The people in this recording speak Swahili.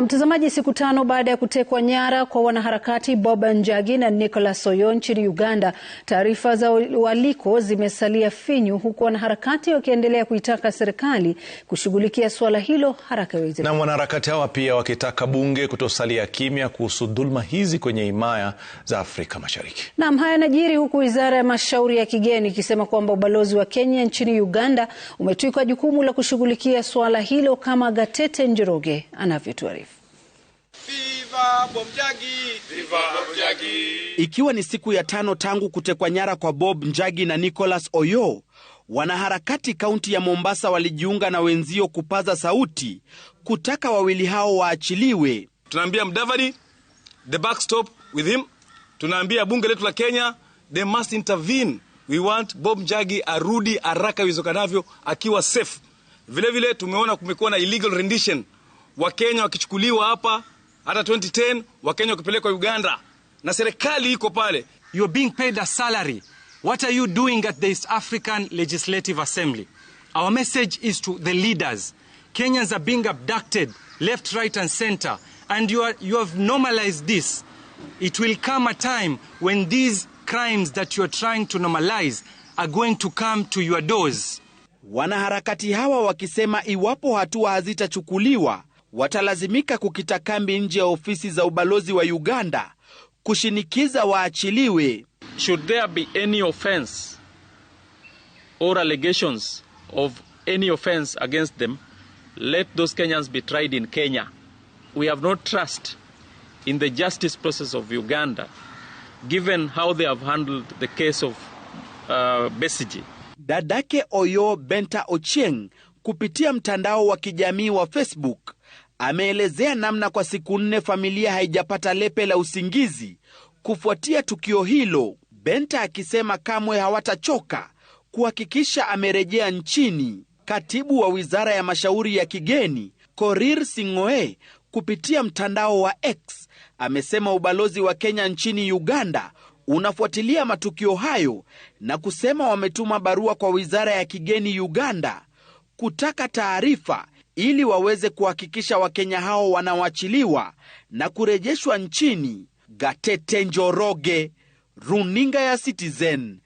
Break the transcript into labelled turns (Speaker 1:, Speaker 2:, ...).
Speaker 1: Mtazamaji, siku tano baada ya kutekwa nyara kwa wanaharakati Bob Njagi na Nicholas Oyoo nchini Uganda, taarifa za waliko zimesalia finyu, huku wanaharakati wakiendelea kuitaka serikali kushughulikia suala hilo haraka iwezekanavyo.
Speaker 2: Na wanaharakati hawa pia wakitaka bunge kutosalia kimya kuhusu dhuluma hizi kwenye himaya za Afrika Mashariki.
Speaker 1: Naam, haya yanajiri huku wizara ya mashauri ya kigeni ikisema kwamba ubalozi wa Kenya nchini Uganda umetwikwa jukumu la kushughulikia suala hilo, kama Gatete Njoroge anavyotuarifu. Bob
Speaker 2: Njagi! Viva Bob Njagi! Ikiwa ni siku ya tano tangu kutekwa nyara kwa Bob Njagi na Nicholas Oyo, wanaharakati kaunti ya Mombasa walijiunga na wenzio kupaza sauti kutaka wawili hao waachiliwe.
Speaker 3: Tunaambia Mudavadi, the backstop with him. Tunaambia bunge letu la Kenya, they must intervene. We want Bob Njagi arudi haraka iwezekanavyo akiwa safe. Vilevile tumeona kumekuwa na illegal rendition, Wakenya wakichukuliwa hapa hata 2010 Wakenya wakipelekwa Uganda na serikali iko pale.
Speaker 4: You are being paid a salary. What are you doing at the East African Legislative Assembly? Our message is to the leaders. Kenyans are being abducted left, right and center and you, are, you have normalized this. It will come a time when these crimes that you are trying to normalize are going to come to your doors.
Speaker 2: Wanaharakati hawa wakisema iwapo hatua hazitachukuliwa watalazimika kukita kambi nje ya ofisi za ubalozi wa Uganda kushinikiza waachiliwe.
Speaker 5: Should there be any offense or allegations of any offense against them, let those Kenyans be tried in Kenya. We have no trust in the justice process of Uganda given how they have handled the case of uh,
Speaker 2: Dadake Oyo Benta Ochieng kupitia mtandao wa kijamii wa Facebook ameelezea namna kwa siku nne familia haijapata lepe la usingizi kufuatia tukio hilo, Benta akisema kamwe hawatachoka kuhakikisha amerejea nchini. Katibu wa wizara ya mashauri ya kigeni Korir singoe kupitia mtandao wa X amesema ubalozi wa Kenya nchini Uganda unafuatilia matukio hayo na kusema wametuma barua kwa wizara ya kigeni Uganda kutaka taarifa ili waweze kuhakikisha Wakenya hao wanawachiliwa na kurejeshwa nchini. Gatete Njoroge, runinga ya Citizen,